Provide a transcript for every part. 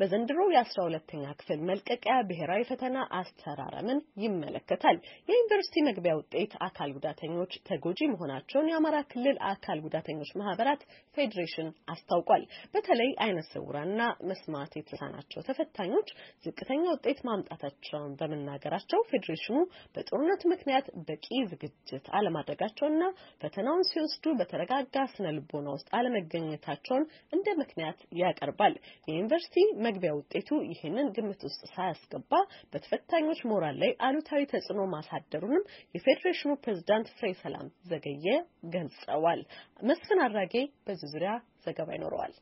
በዘንድሮ የአስራ ሁለተኛ ክፍል መልቀቂያ ብሔራዊ ፈተና አስተራረምን ይመለከታል። የዩኒቨርሲቲ መግቢያ ውጤት አካል ጉዳተኞች ተጎጂ መሆናቸውን የአማራ ክልል አካል ጉዳተኞች ማህበራት ፌዴሬሽን አስታውቋል። በተለይ አይነ ስውራና መስማት የተሳናቸው ተፈታኞች ዝቅተኛ ውጤት ማምጣታቸውን በመናገራቸው ፌዴሬሽኑ በጦርነት ምክንያት በቂ ዝግጅት አለማድረጋቸውና ፈተናውን ሲወስዱ በተረጋጋ ስነ ልቦና ውስጥ አለመገኘታቸውን እንደ ምክንያት ያቀርባል። የዩኒቨርሲቲ የመግቢያ ውጤቱ ይህንን ግምት ውስጥ ሳያስገባ በተፈታኞች ሞራል ላይ አሉታዊ ተጽዕኖ ማሳደሩንም የፌዴሬሽኑ ፕሬዝዳንት ፍሬ ሰላም ዘገየ ገልጸዋል። መስፍን አራጌ በዚህ ዙሪያ ዘገባ ይኖረዋል።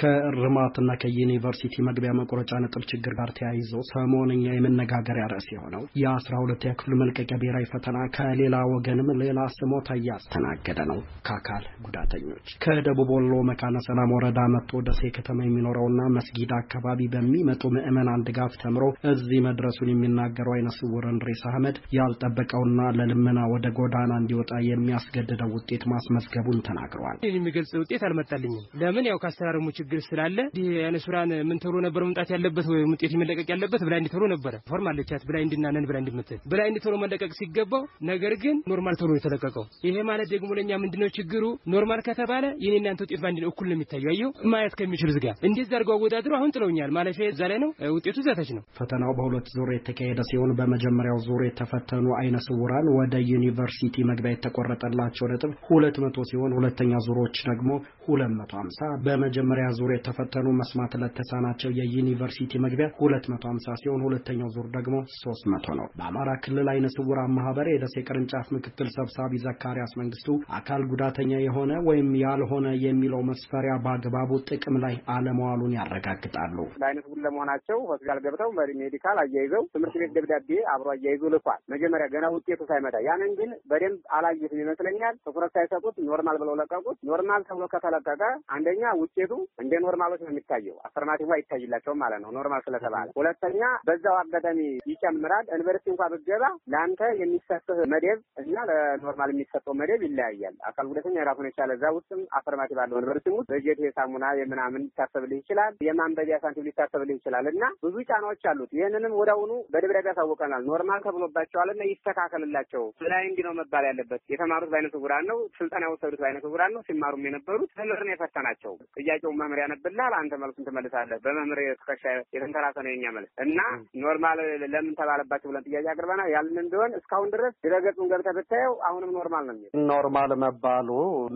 ከእርማትና ከዩኒቨርሲቲ መግቢያ መቁረጫ ነጥብ ችግር ጋር ተያይዞ ሰሞንኛ የመነጋገሪያ ርዕስ የሆነው የአስራ ሁለተኛ ክፍል መልቀቂያ ብሔራዊ ፈተና ከሌላ ወገንም ሌላ ስሞታ እያስተናገደ ነው። ከአካል ጉዳተኞች ከደቡብ ወሎ መካነ ሰላም ወረዳ መጥቶ ደሴ ከተማ የሚኖረውና መስጊድ አካባቢ በሚመጡ ምዕመናን ድጋፍ ተምሮ እዚህ መድረሱን የሚናገረው አይነ ስውር እንድሪስ አህመድ ያልጠበቀውና ለልመና ወደ ጎዳና እንዲወጣ የሚያስገድደው ውጤት ማስመዝገቡን ተናግረዋል። የሚገልጽ ውጤት አልመጣልኝም። ለምን ያው ከአስተራረሙ ችግር ስላለ እንዲህ አይነ ሱራን ምን ተብሎ ነበር መምጣት ያለበት ወይም ውጤት መለቀቅ ያለበት ብላይንድ ተብሎ ነበረ። ፎርም አለቻት ብላይንድ እና ነን ብላይንድ ምትል ብላይንድ ተብሎ መለቀቅ ሲገባው ነገር ግን ኖርማል ተብሎ የተለቀቀው። ይሄ ማለት ደግሞ ለእኛ ምንድነው ችግሩ? ኖርማል ከተባለ የኔ እናንተ ውጤት ባንድ እኩል ነው የሚታየው። አየሁ ማየት ከሚችል ዝጋ እንደዛ ዛርጎ አወዳድሮ አሁን ጥለውኛል። ማለፊያ እዛ ላይ ነው፣ ውጤቱ ዘተች ነው። ፈተናው በሁለት ዙር የተካሄደ ሲሆን በመጀመሪያው ዙር የተፈተኑ አይነ ስውራን ወደ ዩኒቨርሲቲ መግቢያ የተቆረጠላቸው ነጥብ ሁለት መቶ ሲሆን ሁለተኛ ዙሮች ደግሞ ሁለት መቶ ሀምሳ በመጀመሪያ ዙር የተፈተኑ መስማት ለተሳናቸው የዩኒቨርሲቲ መግቢያ 250 ሲሆን ሁለተኛው ዙር ደግሞ 300 ነው። በአማራ ክልል አይነ ስውራን ማህበር የደሴ ቅርንጫፍ ምክትል ሰብሳቢ ዘካሪያስ መንግስቱ አካል ጉዳተኛ የሆነ ወይም ያልሆነ የሚለው መስፈሪያ በአግባቡ ጥቅም ላይ አለመዋሉን ያረጋግጣሉ። ለአይነ ስውር ለመሆናቸው ሆስፒታል ገብተው ሜዲካል አያይዘው ትምህርት ቤት ደብዳቤ አብሮ አያይዙ ልኳል። መጀመሪያ ገና ውጤቱ ሳይመጣ ያንን ግን በደንብ አላየትም ይመስለኛል። ትኩረት ሳይሰጡት ኖርማል ብለው ለቀቁት። ኖርማል ተብሎ ከተለቀቀ አንደኛ ውጤቱ እንደ ኖርማሎች ነው የሚታየው። አፈርማቲቭ አይታይላቸውም ማለት ነው ኖርማል ስለተባለ። ሁለተኛ በዛው አጋጣሚ ይጨምራል። ዩኒቨርሲቲ እንኳ ብገባ ለአንተ የሚሰጥህ መደብ እና ለኖርማል የሚሰጠው መደብ ይለያያል። አካል ጉዳተኛ የራሱን የቻለ እዛ ውስጥም አፈርማቲቭ አለው ዩኒቨርሲቲ ውስጥ በጀት የሳሙና የምናምን ሊታሰብልህ ይችላል። የማንበቢያ ሳንቲም ሊታሰብልህ ይችላል እና ብዙ ጫናዎች አሉት። ይህንንም ወደውኑ አሁኑ በደብዳቤ ያሳወቀናል። ኖርማል ተብሎባቸዋል እና ይስተካከልላቸው። ላይ እንዲህ ነው መባል ያለበት። የተማሩት በአይነ ስውራን ነው። ስልጠና የወሰዱት በአይነ ስውራን ነው። ሲማሩም የነበሩት ህልርን የፈተናቸው ጥያቄውን መምህር ያነብልሃል፣ አንተ መልሱን ትመልሳለህ። በመምህር ትከሻ የተንተራሰ ነው የኛ መልስ እና ኖርማል ለምን ተባለባቸው ብለን ጥያቄ አቅርበና ያልን እንደሆን እስካሁን ድረስ ድረገጹን ገብተህ ብታየው አሁንም ኖርማል ነው የሚል ኖርማል መባሉ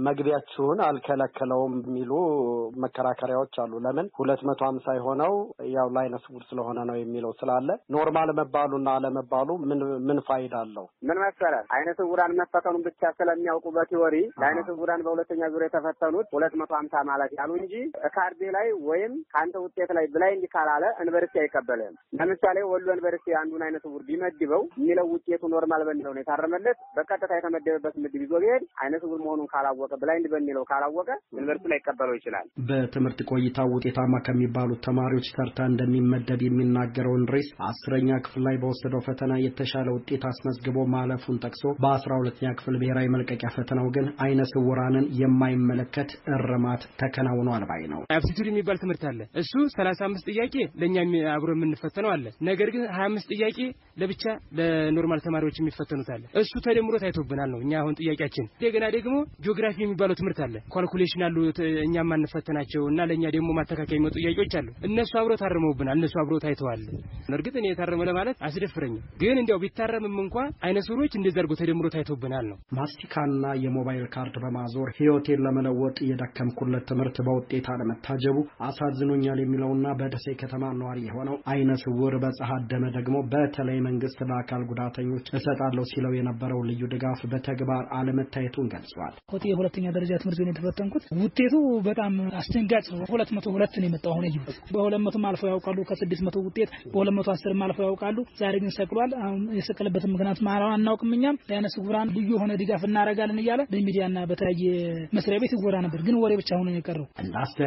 መግቢያችሁን አልከለከለውም የሚሉ መከራከሪያዎች አሉ። ለምን ሁለት መቶ ሀምሳ የሆነው ያው ላይነ ስውር ስለሆነ ነው የሚለው ስላለ ኖርማል መባሉና አለመባሉ ምን ምን ፋይዳ አለው? ምን መሰለህ አይነ ስውራን መፈተኑን ብቻ ስለሚያውቁ በቲዎሪ ለአይነ ስውራን በሁለተኛ ዙር የተፈተኑት ሁለት መቶ ሀምሳ ማለት ያሉ እንጂ ከካርዴ ላይ ወይም ከአንተ ውጤት ላይ ብላይ ካላለ ዩኒቨርሲቲ አይቀበልህም። ለምሳሌ ወሎ ዩኒቨርሲቲ አንዱን አይነት ውር ቢመድበው የሚለው ውጤቱ ኖርማል በሚለው ነው የታረመለት። በቀጥታ የተመደበበት ምድብ ይዞ ቢሄድ አይነት ዕውር መሆኑን ካላወቀ ብላይንድ በሚለው ካላወቀ ዩኒቨርሲቲ ላይ ይቀበለው ይችላል። በትምህርት ቆይታ ውጤታማ ከሚባሉት ተማሪዎች ተርታ እንደሚመደብ የሚናገረውን ሬስ አስረኛ ክፍል ላይ በወሰደው ፈተና የተሻለ ውጤት አስመዝግቦ ማለፉን ጠቅሶ በአስራ ሁለተኛ ክፍል ብሔራዊ መልቀቂያ ፈተናው ግን አይነ ስውራንን የማይመለከት እርማት ተከናውኗል ባይል ነው። አፕቲቱድ የሚባል ትምህርት አለ። እሱ ሰላሳ አምስት ጥያቄ ለእኛ አብሮ የምንፈተነው አለ። ነገር ግን ሀያ አምስት ጥያቄ ለብቻ ለኖርማል ተማሪዎች የሚፈተኑት አለ። እሱ ተደምሮ ታይቶብናል ነው እኛ አሁን ጥያቄያችን። እንደገና ደግሞ ጂኦግራፊ የሚባለው ትምህርት አለ። ኳልኩሌሽን አሉ እኛ የማንፈተናቸው እና ለእኛ ደግሞ ማተካከያ የሚመጡ ጥያቄዎች አሉ። እነሱ አብሮ ታርመውብናል። እነሱ አብሮ ታይተዋል። እርግጥ እኔ የታረመ ለማለት አስደፍረኝም፣ ግን እንዲያው ቢታረምም እንኳ አይነ ሱሮች እንደዚያ አድርጎ ተደምሮ ታይቶብናል ነው። ማስቲካና የሞባይል ካርድ በማዞር ህይወቴን ለመለወጥ የደከምኩለት ትምህርት በውጤታ መታጀቡ አሳዝኖኛል የሚለውና በደሴ ከተማ ነዋሪ የሆነው አይነ ስውር በጸሐይ ደመ ደግሞ በተለይ መንግስት በአካል ጉዳተኞች እሰጣለሁ ሲለው የነበረው ልዩ ድጋፍ በተግባር አለመታየቱን ገልጿል። ኮቴ የሁለተኛ ደረጃ ትምህርት ቤት የተፈተንኩት ውጤቱ በጣም አስደንጋጭ ነው። ሁለት መቶ ሁለት ነው የመጣው። አሁን ይበት በሁለት መቶ አልፈው ያውቃሉ። ከስድስት መቶ ውጤት በሁለት መቶ አስር አልፈው ያውቃሉ። ዛሬ ግን ሰቅሏል። የሰቀለበትን ምክንያት ማራው አናውቅም። እኛም ለአይነ ስውራን ልዩ የሆነ ድጋፍ እናደርጋለን እያለ በሚዲያና በተለያየ መስሪያ ቤት ይወራ ነበር፣ ግን ወሬ ብቻ ሆኖ የቀረው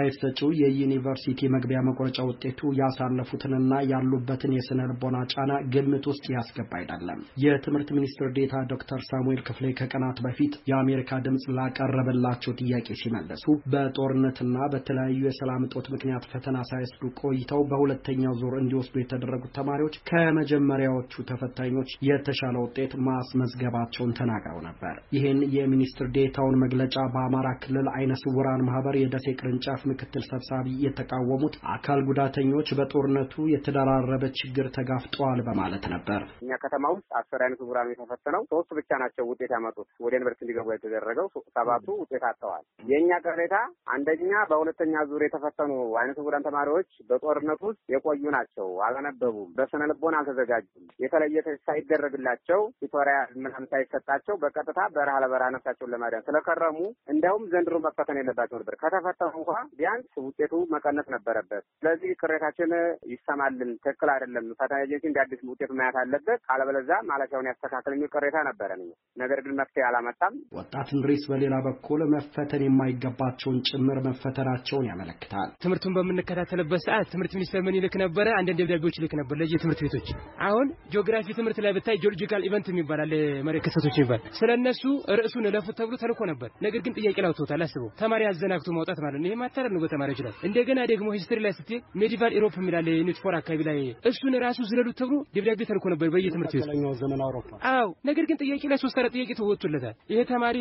አስተያየት ሰጪው የዩኒቨርሲቲ መግቢያ መቁረጫ ውጤቱ ያሳለፉትንና ያሉበትን የስነ ልቦና ጫና ግምት ውስጥ ያስገባ አይደለም። የትምህርት ሚኒስትር ዴታ ዶክተር ሳሙኤል ክፍሌ ከቀናት በፊት የአሜሪካ ድምፅ ላቀረበላቸው ጥያቄ ሲመለሱ በጦርነትና በተለያዩ የሰላም እጦት ምክንያት ፈተና ሳይወስዱ ቆይተው በሁለተኛው ዙር እንዲወስዱ የተደረጉት ተማሪዎች ከመጀመሪያዎቹ ተፈታኞች የተሻለ ውጤት ማስመዝገባቸውን ተናግረው ነበር። ይህን የሚኒስትር ዴታውን መግለጫ በአማራ ክልል አይነ ስውራን ማህበር የደሴ ቅርንጫፍ ምክትል ሰብሳቢ የተቃወሙት አካል ጉዳተኞች በጦርነቱ የተደራረበ ችግር ተጋፍጠዋል በማለት ነበር። እኛ ከተማ ውስጥ አስር አይነት ምሁራን የተፈተነው ሶስቱ ብቻ ናቸው ውጤት ያመጡት ወደ ዩኒቨርሲቲ እንዲገቡ የተደረገው ሰባቱ ውጤት አጥተዋል። የእኛ ቅሬታ አንደኛ በሁለተኛ ዙር የተፈተኑ አይነት ምሁራን ተማሪዎች በጦርነቱ ውስጥ የቆዩ ናቸው። አላነበቡም፣ በስነ ልቦና አልተዘጋጁም። የተለየ ሳይደረግላቸው ቱቶሪያል ምናምን ሳይሰጣቸው በቀጥታ በረሃ ለበረሃ ነፍሳቸውን ለማዳን ስለከረሙ እንዲያውም ዘንድሮ መፈተን የለባቸው ነበር ከተፈተኑ እንኳ ቢያንስ ውጤቱ መቀነስ ነበረበት። ስለዚህ ቅሬታችን ይሰማልን፣ ትክክል አይደለም፣ ፈተና ኤጀንሲ እንደ አዲስ ውጤቱ ማየት አለበት፣ አለበለዚያ ማለፊያውን ያስተካክል የሚል ቅሬታ ነበረን። ነገር ግን መፍትሄ አላመጣም። ወጣት ምሬስ በሌላ በኩል መፈተን የማይገባቸውን ጭምር መፈተናቸውን ያመለክታል። ትምህርቱን በምንከታተልበት ሰዓት ትምህርት ሚኒስቴር ምን ይልክ ነበረ? አንዳንድ ደብዳቤዎች ይልክ ነበር ለየ ትምህርት ቤቶች። አሁን ጂኦግራፊ ትምህርት ላይ ብታይ ጂኦሎጂካል ኢቨንት የሚባላል መሬት ክስተቶች የሚባል ስለ እነሱ ርዕሱን እለፉት ተብሎ ተልኮ ነበር። ነገር ግን ጥያቄ ላውተውታል። አስበው ተማሪ አዘናግቶ ማውጣት ማለት ነው። ይህ ነገር ነው በተማሪዎች ላይ። እንደገና ደግሞ ሂስትሪ ላይ ስትሄድ ሜዲቫል ኢሮፕ የሚላለ ዩኒት ፎር አካባቢ ላይ እሱን ራሱ ዝለሉት ተብሎ ደብዳቤ ተልኮ ነበር በየትምህርት ቤቱ ዘመን አውሮፓ። አዎ፣ ነገር ግን ጥያቄ ላይ ሶስት አራት ጥያቄ ተወጥቶለታል። ይሄ ተማሪ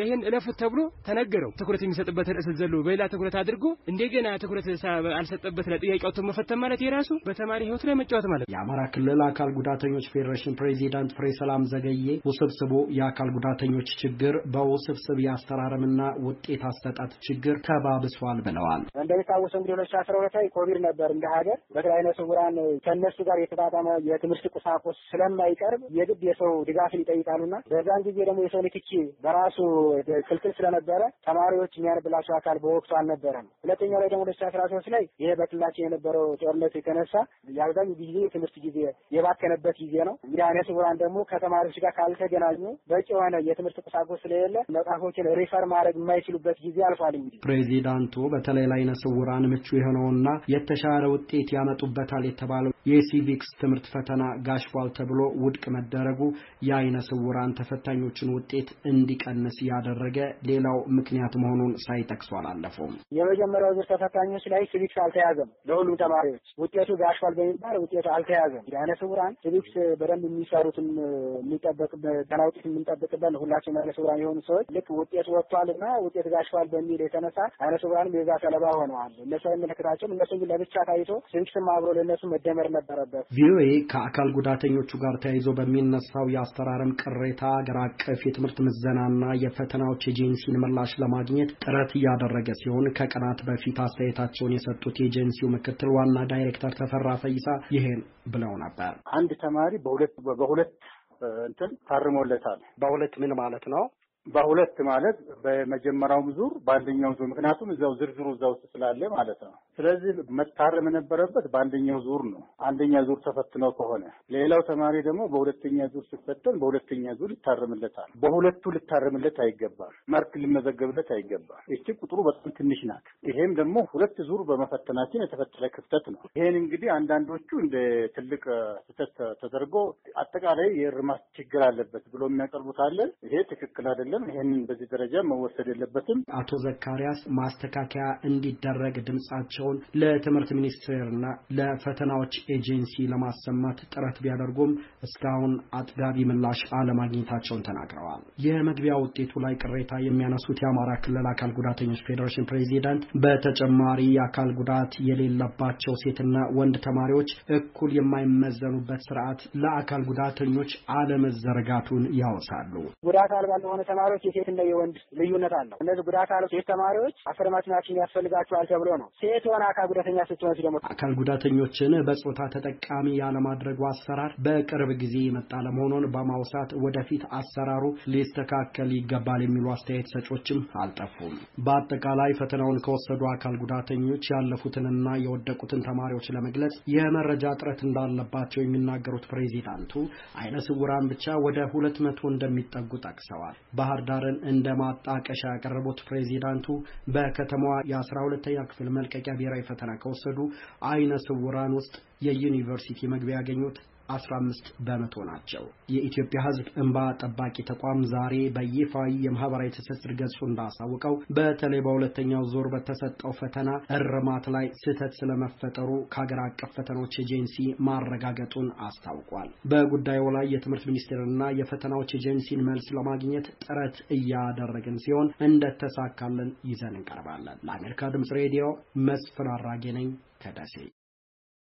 ይሄን እለፉት ተብሎ ተነገረው። ትኩረት የሚሰጥበት ርዕስ ዘሎ በሌላ ትኩረት አድርጎ እንደገና ትኩረት አልሰጠበት ለጥያቄው መፈተን ማለት የራሱ በተማሪ ህይወት ላይ መጫወት ማለት። የአማራ ክልል አካል ጉዳተኞች ፌዴሬሽን ፕሬዚዳንት ፍሬ ሰላም ዘገየ ውስብስቡ የአካል ጉዳተኞች ችግር በውስብስብ የአስተራረምና ውጤት አሰጣጥ ችግር ተባብሷል ብለዋል። እንደሚታወሰው እንግዲህ ሁለት ሺ አስራ ሁለት ላይ ኮቪድ ነበር እንደ ሀገር በተለይ ዓይነ ስውራን ከእነሱ ጋር የተጣጣመ የትምህርት ቁሳቁስ ስለማይቀርብ የግድ የሰው ድጋፍን ይጠይቃሉና በዛን ጊዜ ደግሞ የሰው ንክኪ በራሱ ክልክል ስለነበረ ተማሪዎች የሚያንብላቸው አካል በወቅቱ አልነበረም። ሁለተኛው ላይ ደግሞ ሁለት ሺ አስራ ሶስት ላይ ይሄ በክልላችን የነበረው ጦርነት የተነሳ የአብዛኛው ጊዜ የትምህርት ጊዜ የባከነበት ጊዜ ነው። እንግዲህ ዓይነ ስውራን ደግሞ ከተማሪዎች ጋር ካልተገናኙ በቂ የሆነ የትምህርት ቁሳቁስ ስለሌለ መጽሐፎችን ሪፈር ማድረግ የማይችሉበት ጊዜ አልፏል። እንግዲህ ፕሬዚዳንቱ በተለይ ለዓይነ ስውራን ምቹ የሆነውና የተሻለ ውጤት ያመጡበታል የተባለው የሲቪክስ ትምህርት ፈተና ጋሽፏል ተብሎ ውድቅ መደረጉ የዓይነ ስውራን ተፈታኞችን ውጤት እንዲቀንስ ያደረገ ሌላው ምክንያት መሆኑን ሳይጠቅሱ አላለፈውም። የመጀመሪያው ዙር ተፈታኞች ላይ ሲቪክስ አልተያዘም። ለሁሉም ተማሪዎች ውጤቱ ጋሽፏል በሚባል ውጤቱ አልተያዘም። የዓይነ ስውራን ሲቪክስ በደንብ የሚሰሩትን የሚጠበቅ ገና ውጤት የምንጠብቅበት ሁላችን ዓይነ ስውራን የሆኑ ሰዎች ልክ ውጤት ወጥቷል እና ውጤት ጋሽፏል በሚል የተነሳ አይነ ስውራንም ቤዛ ሰለባ ሆነዋል። እነሱ አይመለከታቸውም። እነሱ ግን ለብቻ ታይቶ ስንክስም አብሮ ለእነሱ መደመር ነበረበት። ቪኦኤ ከአካል ጉዳተኞቹ ጋር ተያይዞ በሚነሳው የአስተራረም ቅሬታ አገር አቀፍ የትምህርት ምዘናና የፈተናዎች ኤጀንሲን ምላሽ ለማግኘት ጥረት እያደረገ ሲሆን ከቀናት በፊት አስተያየታቸውን የሰጡት የኤጀንሲው ምክትል ዋና ዳይሬክተር ተፈራ ፈይሳ ይሄን ብለው ነበር። አንድ ተማሪ በሁለት በሁለት እንትን ታርሞለታል። በሁለት ምን ማለት ነው? በሁለት ማለት በመጀመሪያውም ዙር በአንደኛው ዙር ምክንያቱም እዚያው ዝርዝሩ እዛ ውስጥ ስላለ ማለት ነው። ስለዚህ መታረም የነበረበት በአንደኛው ዙር ነው። አንደኛ ዙር ተፈትነው ከሆነ ሌላው ተማሪ ደግሞ በሁለተኛ ዙር ሲፈተን በሁለተኛ ዙር ይታረምለታል። በሁለቱ ልታረምለት አይገባም። መርክ ሊመዘገብለት አይገባም። እቺ ቁጥሩ በጣም ትንሽ ናት። ይሄም ደግሞ ሁለት ዙር በመፈተናችን የተፈጠረ ክፍተት ነው። ይሄን እንግዲህ አንዳንዶቹ እንደ ትልቅ ስህተት ተደርጎ አጠቃላይ የእርማት ችግር አለበት ብሎ የሚያቀርቡት ይሄ ትክክል አይደለም። አይደለም። ይህንን በዚህ ደረጃ መወሰድ የለበትም። አቶ ዘካሪያስ ማስተካከያ እንዲደረግ ድምጻቸውን ለትምህርት ሚኒስቴርና ለፈተናዎች ኤጀንሲ ለማሰማት ጥረት ቢያደርጉም እስካሁን አጥጋቢ ምላሽ አለማግኘታቸውን ተናግረዋል። የመግቢያ ውጤቱ ላይ ቅሬታ የሚያነሱት የአማራ ክልል አካል ጉዳተኞች ፌዴሬሽን ፕሬዚዳንት በተጨማሪ የአካል ጉዳት የሌለባቸው ሴትና ወንድ ተማሪዎች እኩል የማይመዘኑበት ስርዓት ለአካል ጉዳተኞች አለመዘረጋቱን ያወሳሉ። ጉዳት አልባ ለሆነ ተማሪዎች የሴትና የወንድ ልዩነት አለው። እነዚህ ጉዳት አሉ ሴት ተማሪዎች አፈርማቲቭ ያስፈልጋቸዋል ተብሎ ነው። ሴት የሆነ አካል ጉዳተኛ ስትሆን ደግሞ አካል ጉዳተኞችን በጾታ ተጠቃሚ ያለማድረጉ አሰራር በቅርብ ጊዜ የመጣ ለመሆኑን በማውሳት ወደፊት አሰራሩ ሊስተካከል ይገባል የሚሉ አስተያየት ሰጮችም አልጠፉም። በአጠቃላይ ፈተናውን ከወሰዱ አካል ጉዳተኞች ያለፉትንና የወደቁትን ተማሪዎች ለመግለጽ የመረጃ እጥረት እንዳለባቸው የሚናገሩት ፕሬዚዳንቱ አይነ ስውራን ብቻ ወደ ሁለት መቶ እንደሚጠጉ ጠቅሰዋል። ባህር ዳርን እንደ ማጣቀሻ ያቀረቡት ፕሬዚዳንቱ በከተማዋ የአስራ ሁለተኛ ክፍል መልቀቂያ ብሔራዊ ፈተና ከወሰዱ አይነ ስውራን ውስጥ የዩኒቨርሲቲ መግቢያ ያገኙት 15 በመቶ ናቸው። የኢትዮጵያ ሕዝብ እንባ ጠባቂ ተቋም ዛሬ በይፋዊ የማህበራዊ ትስስር ገጹ እንዳሳውቀው በተለይ በሁለተኛው ዙር በተሰጠው ፈተና እርማት ላይ ስህተት ስለመፈጠሩ ከሀገር አቀፍ ፈተናዎች ኤጀንሲ ማረጋገጡን አስታውቋል። በጉዳዩ ላይ የትምህርት ሚኒስቴርና የፈተናዎች ኤጀንሲን መልስ ለማግኘት ጥረት እያደረግን ሲሆን እንደተሳካልን ይዘን እንቀርባለን። ለአሜሪካ ድምጽ ሬዲዮ መስፍን አራጌ ነኝ ከደሴ